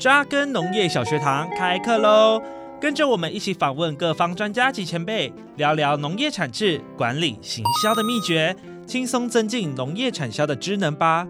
扎根農業小學堂開課嘍！跟着我們一起訪問各方專家及前輩，聊聊農業產製、管理、行銷的祕訣，輕鬆增進農業產銷的知能吧。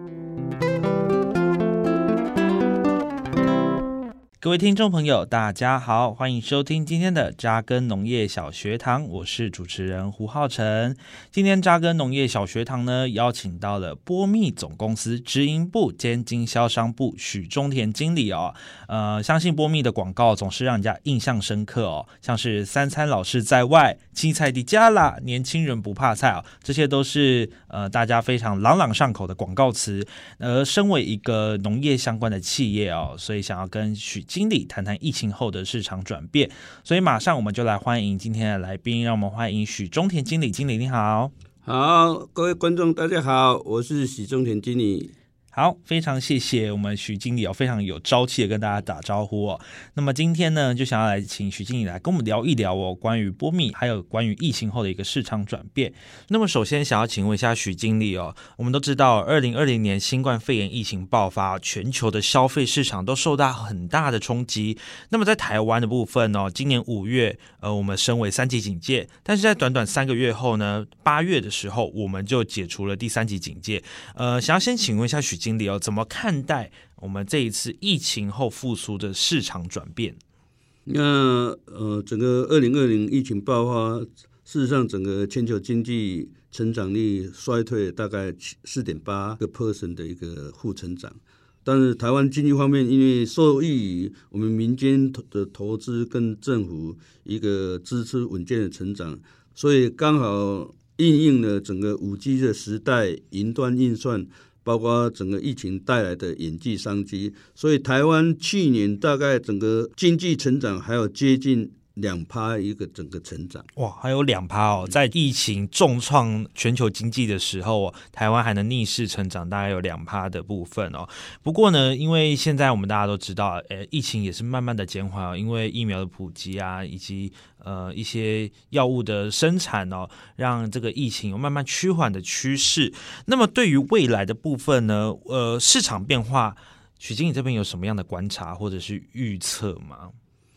各位聽眾朋友，大家好，歡迎收聽今天的扎根農業小學堂。我是主持人胡浩辰。今天扎根農業小學堂呢，邀請到了波蜜總公司直營部兼經銷商部許忠田經理哦。呃，相信波蜜的廣告總是讓人家印象深刻哦，像是“三餐老是在外，青菜的加啦”，年輕人不怕菜哦，這些都是呃大家非常朗朗上口的廣告詞。而身為一個農業相關的企業哦，所以想要跟許。經理談談疫情後的市場轉變，所以馬上我們就來歡迎今天的來賓，讓我們歡迎許忠田經理。經理你好。好，各位觀眾大家好，我是許忠田經理。好，非常謝謝我們許經理哦，非常有朝氣的跟大家打招呼哦。那麼今天呢，就想要來請許經理來跟我們聊一聊哦，關於波蜜，還有關於疫情後的一個市場轉變。那麼首先想要請問一下許經理哦，我們都知道，二零二零年新冠肺炎疫情爆發，全球的消費市場都受到很大的衝擊。那麼在台灣的部分呢，今年五月，呃，我們升為三級警戒，但是在短短三個月後呢，八月的時候，我們就解除了第三級警戒。呃，想要先請問一下許經理。經理要、哦、怎麼看待我們這一次疫情後復甦的市場轉變？那呃，整個二零二零疫情爆發，事實上整個全球經濟成長率衰退大概四點八個 percent 的一個負成長。但是台灣經濟方面，因為受益於我們民間的投資跟政府一個支持穩健的成長，所以剛好應用了整個五 G 的時代，雲端運算。包括整個疫情帶來的引進商機，所以台灣去年大概整個經濟成長還有接近兩趴一個整個成長。哇，還有兩趴哦，嗯、在疫情重創全球經濟的時候，台灣還能逆勢成長，大概有兩趴的部分哦。不過呢，因為現在我們大家都知道，呃、哎，疫情也是慢慢的減緩哦，因為疫苗的普及啊，以及呃一些藥物的生產哦，讓這個疫情有慢慢趨緩的趨勢。那麼對於未來的部分呢，呃，市場變化，許經理這邊有什麼樣的觀察或者是預測嗎？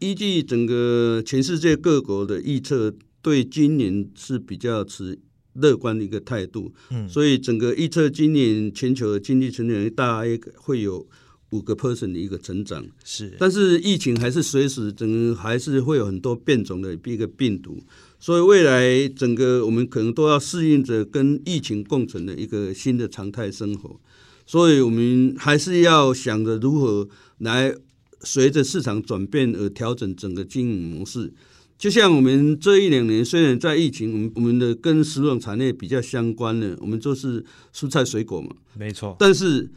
依據整個全世界各國的預測，對今年是比較持樂觀的一個態度。嗯，所以整個預測今年全球的經濟成長大概會有五個 percent 的一個成長。是，但是疫情還是隨時整個，還是會有很多變種的一個病毒。所以未來整個我們可能都要適應着跟疫情共存的一個新的常態生活。所以我們還是要想着如何來。隨着市場轉變而調整整個經營模式，就像我們這一兩年雖然在疫情，我們我們的跟食用產業比較相關的，我們就是蔬菜水果嘛，沒錯。但是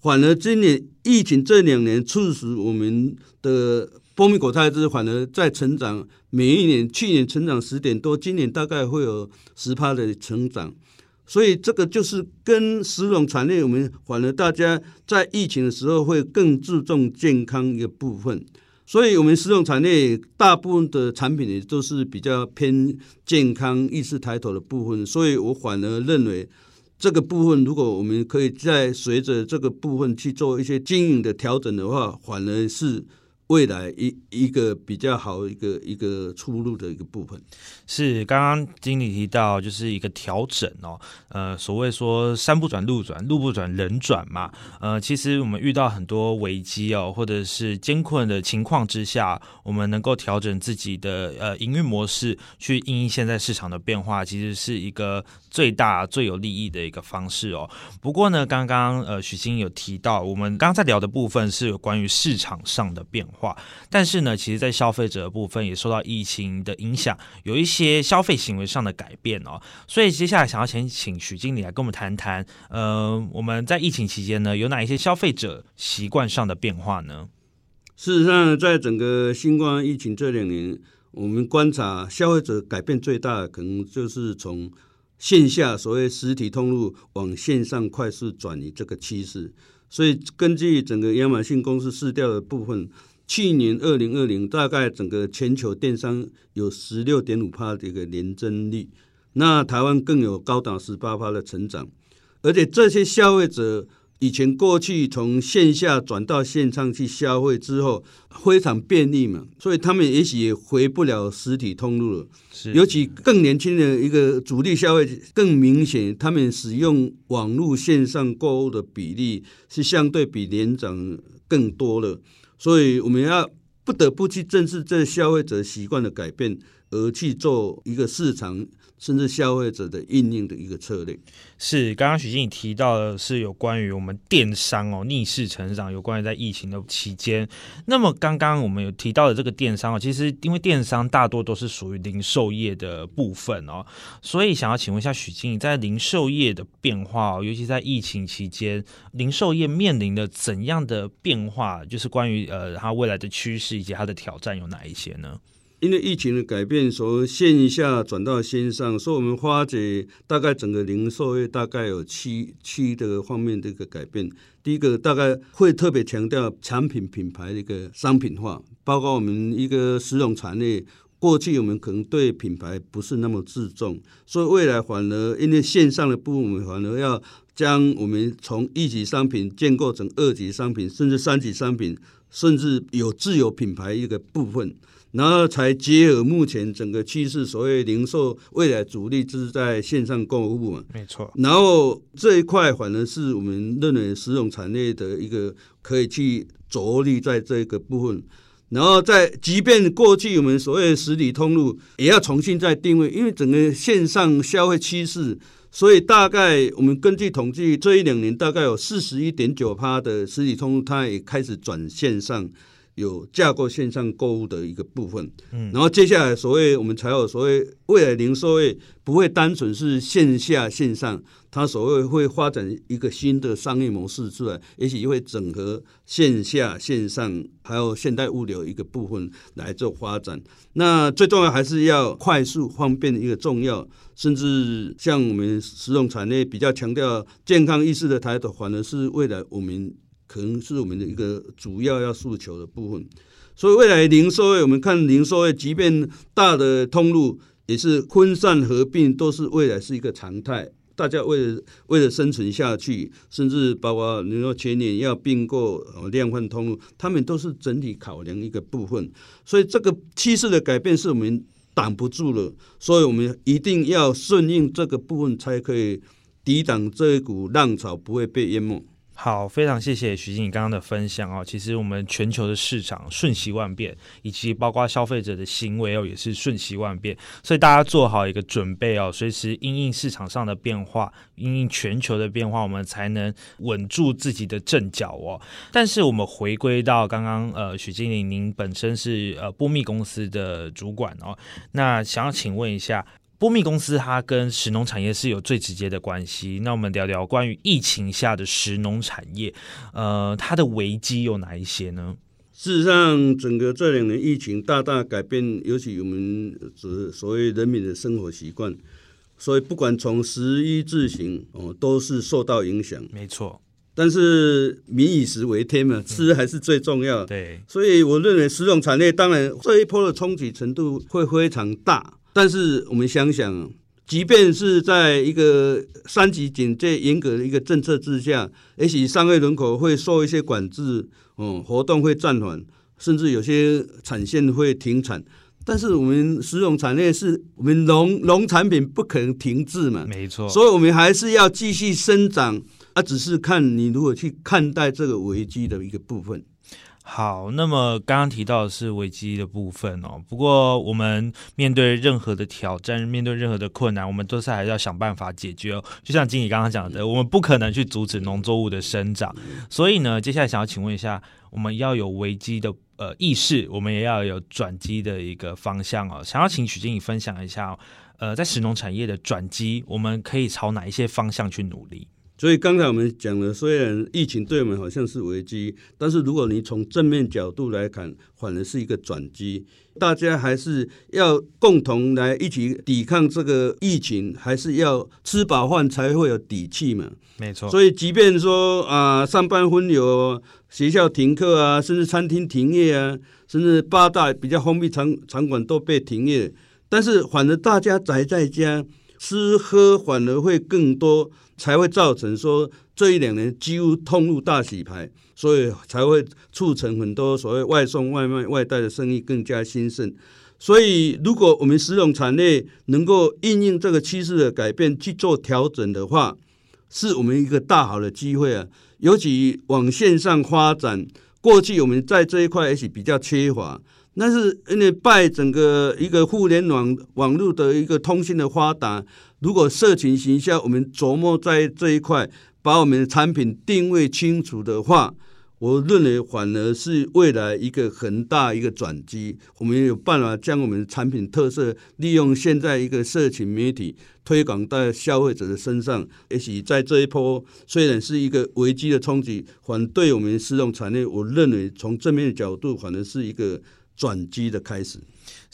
反而今年疫情這兩年促使我們的波蜜果菜汁反而在成長，每一年去年成長十點多，今年大概會有十趴的成長。所以這個就是跟食農產業，我們反而大家在疫情的時候會更注重健康一個部分。所以我們食農產業大部分的產品也都是比較偏健康意識抬頭的部分。所以我反而認為這個部分，如果我們可以在隨着這個部分去做一些經營的調整的話，反而是。未來一一個比較好一個一個出路的一個部分，是剛剛經理提到，就是一個調整哦，呃，所謂說山不轉路轉，路不轉人轉嘛，呃，其實我們遇到很多危機哦，或者是艱困的情況之下，我們能夠調整自己的呃營運模式，去因應現在市場的變化，其實是一個最大最有利益的一個方式哦。不過呢，剛剛呃許經理有提到，我們剛剛在聊的部分是有關於市場上的變化。但是呢，其實，在消費者部分也受到疫情的影響，有一些消費行為上的改變哦。所以，接下來想要先請許經理來跟我們談談，呃，我們在疫情期間呢，有哪一些消費者習慣上的變化呢？事實上，在整個新冠疫情這兩年，我們觀察消費者改變最大的可能就是從線下所謂實體通路往線上快速轉移這個趨勢。所以，根據整個亞馬遜公司市調的部分。去年二零二零，大概整個全球電商有十六點五帕的一個年增率，那台灣更有高達十八帕的成長，而且這些消費者。以前過去從線下轉到線上去消費之後，非常便利嘛，所以他們也許也回不了實體通路了。尤其更年輕的一個主力消費更明顯，他們使用網絡線上購物的比例是相對比年長更多了，所以我們要不得不去正視這消費者習慣的改變。而去做一個市場甚至消費者的應用的一個策略，是剛剛許經理提到的是有關於我們電商哦逆勢成長，有關於在疫情的期間。那麼剛剛我們有提到的這個電商哦，其實因為電商大多都是屬於零售業的部分哦，所以想要請問一下許經理，在零售業的變化哦，尤其在疫情期間，零售業面臨的怎樣的變化？就是關於呃它未來的趨勢以及它的挑戰有哪一些呢？因為疫情的改變，從線下轉到線上，所以我們發覺大概整個零售業大概有七七的方面的一個改變。第一個大概會特別強調產品品牌的一個商品化，包括我們一個食農產業，過去我們可能對品牌不是那麼注重，所以未來反而因為線上的部分反而要。將我們從一級商品建構成二級商品，甚至三級商品，甚至有自有品牌一個部分，然後才結合目前整個趨勢，所謂零售未來主力就是在線上購物部門。沒錯。然後這一塊反而是我們認為食農產業的一個可以去着力在這個部分。然後在即便過去我們所謂的實體通路，也要重新再定位，因為整個線上消費趨勢。所以大概我們根據統計，這一兩年大概有四十一點九趴的實體通路，它也開始轉線上。有架構線上購物的一個部分，然後接下來所謂我們才有所謂未來零售業不會單純是線下線上，它所謂會發展一個新的商業模式出來，也許會整合線下線上還有現代物流一個部分來做發展。那最重要還是要快速方便的一個重要，甚至像我們食用產業比較強調健康意識的抬頭，反而是未來我們。可能是我們的一個主要要訴求的部分，所以未來零售業，我們看零售業，即便大的通路也是分散合併，都是未來是一個常態。大家為了為了生存下去，甚至包括你說前年要併購量販通路，他們都是整體考量一個部分。所以這個趨勢的改變是我們擋不住了，所以我們一定要順應這個部分，才可以抵擋這一股浪潮，不會被淹沒。好，非常謝謝許經理剛剛的分享哦。其實我們全球的市場瞬息萬變，以及包括消費者的行為哦，也是瞬息萬變。所以大家做好一個準備哦，隨時因應市場上的變化，因應全球的變化，我們才能穩住自己的陣腳哦。但是我們回歸到剛剛呃，許經理，您本身是呃波蜜公司的主管哦，那想要請問一下。波蜜公司，它跟食農產業是有最直接的關係。那我們聊聊關於疫情下的食農產業，呃，它的危機有哪一些呢？事實上，整個這兩年疫情大大改變，尤其我們所所謂人民的生活習慣，所以不管從食衣住行哦，都是受到影響。沒錯錯，但是民以食為天嘛，吃還是最重要。嗯、對，所以我認為食農產業當然這一波的衝擊程度會非常大。但是我們想想，即便是在一個三級警戒嚴格的一個政策之下，也許商業人口會受一些管制，嗯，活動會暫緩，甚至有些產線會停產。但是我們食農產業是，我們農農產品不可能停滯嘛，沒錯。所以，我們還是要繼續生長，它、啊、只是看你如何去看待這個危機的一個部分。好，那麼剛剛提到的是危機的部分哦。不過我們面對任何的挑戰，面對任何的困難，我們都是還是要想辦法解決。哦，就像經理剛剛講的，我們不可能去阻止農作物的生長。所以呢，接下來想要請問一下，我們要有危機的呃意識，我們也要有轉機的一個方向哦。想要請許經理分享一下哦，呃，在食農產業的轉機，我們可以朝哪一些方向去努力？所以剛才我們講了，雖然疫情對我們好像是危機，但是如果你從正面角度來看，反而是一個轉機。大家還是要共同來一起抵抗這個疫情，還是要吃飽飯才會有底氣嘛。沒錯。所以即便說啊、呃，上班分流、學校停課啊，甚至餐廳停業啊，甚至八大比較封閉場場館都被停業，但是反正大家宅在家。吃喝反而會更多，才會造成說這一兩年幾乎通路大洗牌，所以才會促成很多所謂外送、外賣、外帶的生意更加興盛。所以，如果我們食用產業能夠應用這個趨勢的改變去做調整的話，是我們一個大好的機會啊！尤其往線上發展，過去我們在這一塊也是比較缺乏。那是因為拜整個一個互聯網網絡的一個通信的發達，如果社群行銷，我們琢磨在這一塊把我們的產品定位清楚的話，我認為反而是未來一個很大一個轉機。我們有辦法將我們的產品特色利用現在一個社群媒體推廣到消費者的身上，也許在這一波雖然是一個危機的衝擊，反對我們食農產業，我認為從正面的角度反而是一個。轉機的開始。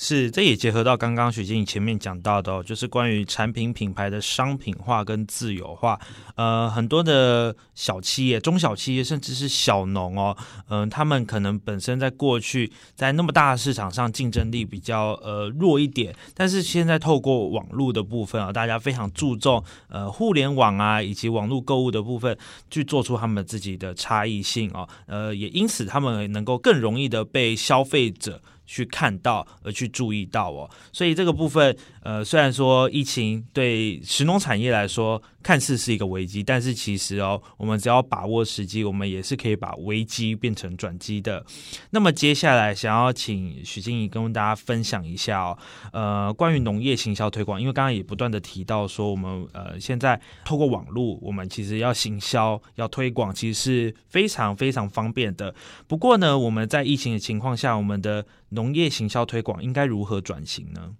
是，這也結合到剛剛許經理前面講到的，哦，就是關於產品品牌的商品化跟自由化。呃，很多的小企業、中小企業，甚至是小農哦，嗯、呃,他們可能本身在過去在那麼大的市場上競爭力比較呃弱一點，但是現在透過網絡的部分啊，大家非常注重呃互聯網啊以及網絡購物的部分，去做出他們自己的差異性哦，呃，也因此他們能夠更容易的被消費者。去看到、而去注意到哦，所以這個部分。呃，雖然說疫情對食農產業來說看似是一個危機，但是其實哦，我們只要把握時機，我們也是可以把危機變成轉機的。那麼接下來想要請許經理跟大家分享一下哦，呃，關於農業行銷推廣，因為剛剛也不斷地提到說，我們呃現在透過網絡，我們其實要行銷要推廣，其實是非常非常方便的。不過呢，我們在疫情的情況下，我們的農業行銷推廣應該如何轉型呢？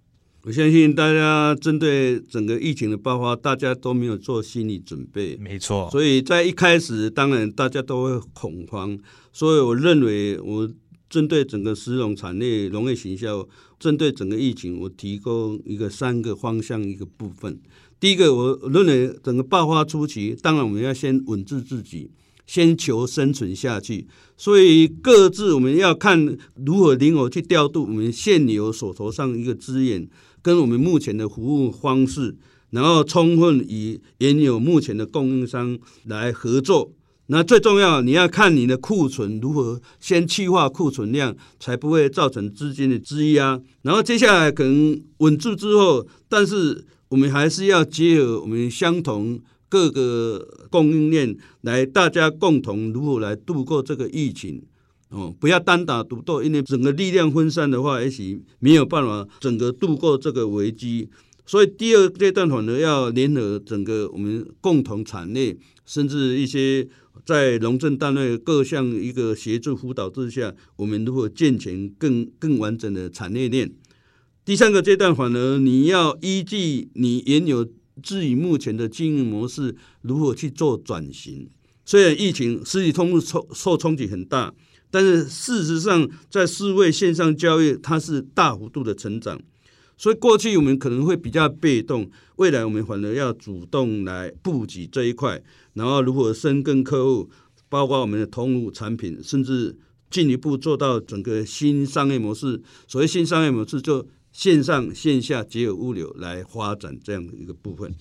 我相信大家針對整個疫情的爆發，大家都沒有做心理準備。沒錯，所以在一開始，當然大家都會恐慌。所以我認為，我針對整個食農產業、農業行銷，針對整個疫情，我提供一個三個方向一個部分。第一個，我認為整個爆發初期，當然我們要先穩住自己，先求生存下去。所以各自我們要看如何靈活去調度我們現有手頭上一個資源。跟我們目前的服務方式，然後充分以原有目前的供應商來合作。那最重要，你要看你的庫存如何先去化庫存量，才不會造成資金的積壓。然後接下來可能穩住之後，但是我們還是要結合我們相同各個供應鏈來大家共同如何來度過這個疫情。哦，不要單打獨鬥，因為整個力量分散的話，也許沒有辦法整個度過這個危機。所以第二階段反而要聯合整個我們共同產業，甚至一些在農政單位各項一個協助輔導之下，我們如何健全更更完整的產業鏈。第三個階段反而你要依據你原有自己目前的經營模式，如何去做轉型？雖然疫情實際通路受，受衝擊很大。但是事實上，在四位線上交易，它是大幅度的成長，所以過去我們可能會比較被動，未來我們反而要主動來布局這一塊，然後如何深耕客戶，包括我們的通路產品，甚至進一步做到整個新商業模式。所謂新商業模式，就線上線下皆有物流來發展這樣的一個部分。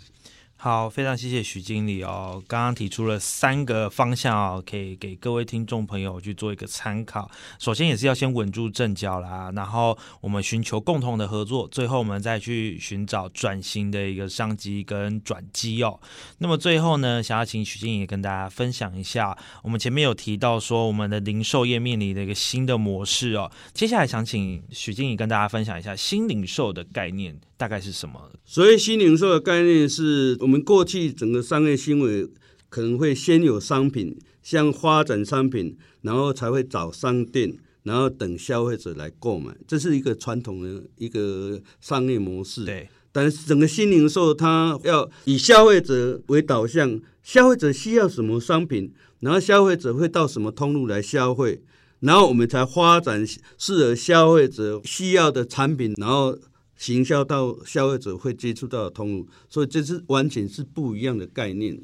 好，非常謝謝許經理哦。剛剛提出了三個方向哦，可以給各位聽眾朋友去做一個參考。首先也是要先穩住陣腳啦，然後我們尋求共同的合作，最後我們再去尋找轉型的一個商機跟轉機哦。那麼最後呢，想要請許經理跟大家分享一下，我們前面有提到說我們的零售業面臨的一個新的模式哦。接下來想請許經理跟大家分享一下新零售的概念大概是什麼？所以新零售的概念是我們。我們過去整個商業行為可能會先有商品，先發展商品，然後才會找商店，然後等消費者來購買，這是一個傳統的一個商業模式。對但是整個新零售它要以消費者為導向，消費者需要什麼商品，然後消費者會到什麼通路來消費，然後我們才發展適合消費者需要的產品，然後。行銷到消費者會接觸到的通路，所以這是完全是不一樣的概念。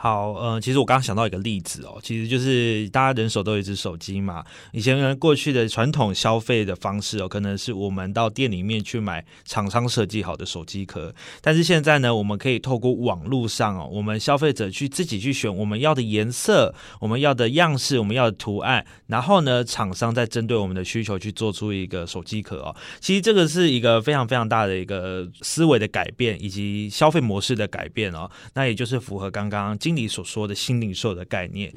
好，呃、嗯，其實我剛剛想到一個例子哦，其實就是大家人手都有一只手機嘛。以前呢，過去的傳統消費的方式哦，可能是我們到店裡面去買廠商設計好的手機殼。但是現在呢，我們可以透過網絡上哦，我們消費者去自己去選我們要的顏色、我們要的樣式、我們要的圖案，然後呢，廠商再針對我們的需求去做出一個手機殼哦。其實這個是一個非常非常大的一個思維的改變，以及消費模式的改變哦。那也就是符合剛剛。經理所說的新零售的概念，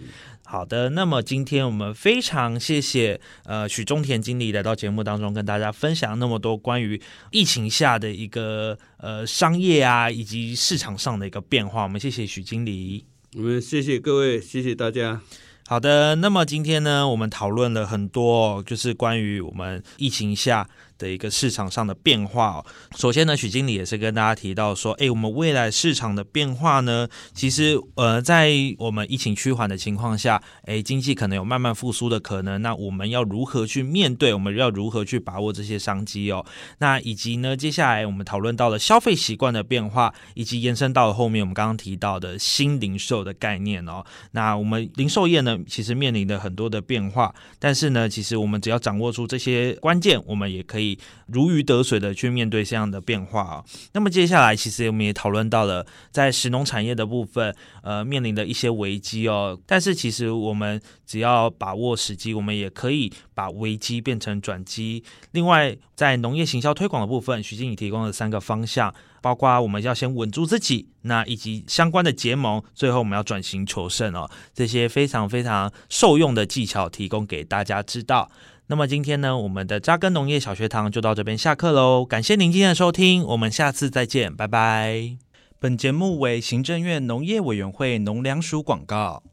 好的，那麼今天我們非常謝謝呃許忠田經理來到節目當中跟大家分享那麼多關於疫情下的一個呃商業啊，以及市場上的一個變化，我們謝謝許經理，我們、嗯、謝謝各位，謝謝大家。好的，那麼今天呢，我們討論了很多，就是關於我們疫情下。的一個市場上的變化哦。首先呢，許經理也是跟大家提到說，誒，我們未來市場的變化呢，其實呃，在我們疫情趨緩的情況下，誒，經濟可能有慢慢復甦的可能。那我們要如何去面對？我們要如何去把握這些商機哦？那以及呢，接下來我們討論到了消費習慣的變化，以及延伸到了後面我們剛剛提到的新零售的概念哦。那我們零售業呢，其實面臨了很多的變化，但是呢，其實我們只要掌握住這些關鍵，我們也可以。如魚得水的去面對這樣的變化啊、哦。那麼接下來，其實我們也討論到了在食農產業的部分，呃，面臨的一些危機哦。但是其實我們只要把握時機，我們也可以把危機變成轉機。另外，在農業行銷推廣的部分，許經理提供了三個方向，包括我們要先穩住自己，那以及相關的結盟，最後我們要轉型求勝哦。這些非常非常受用的技巧，提供給大家知道。那麼今天呢，我們的扎根農業小學堂就到這邊下課嘍。感謝您今天的收聽，我們下次再見，拜拜。本節目為行政院農業委員會農糧署廣告。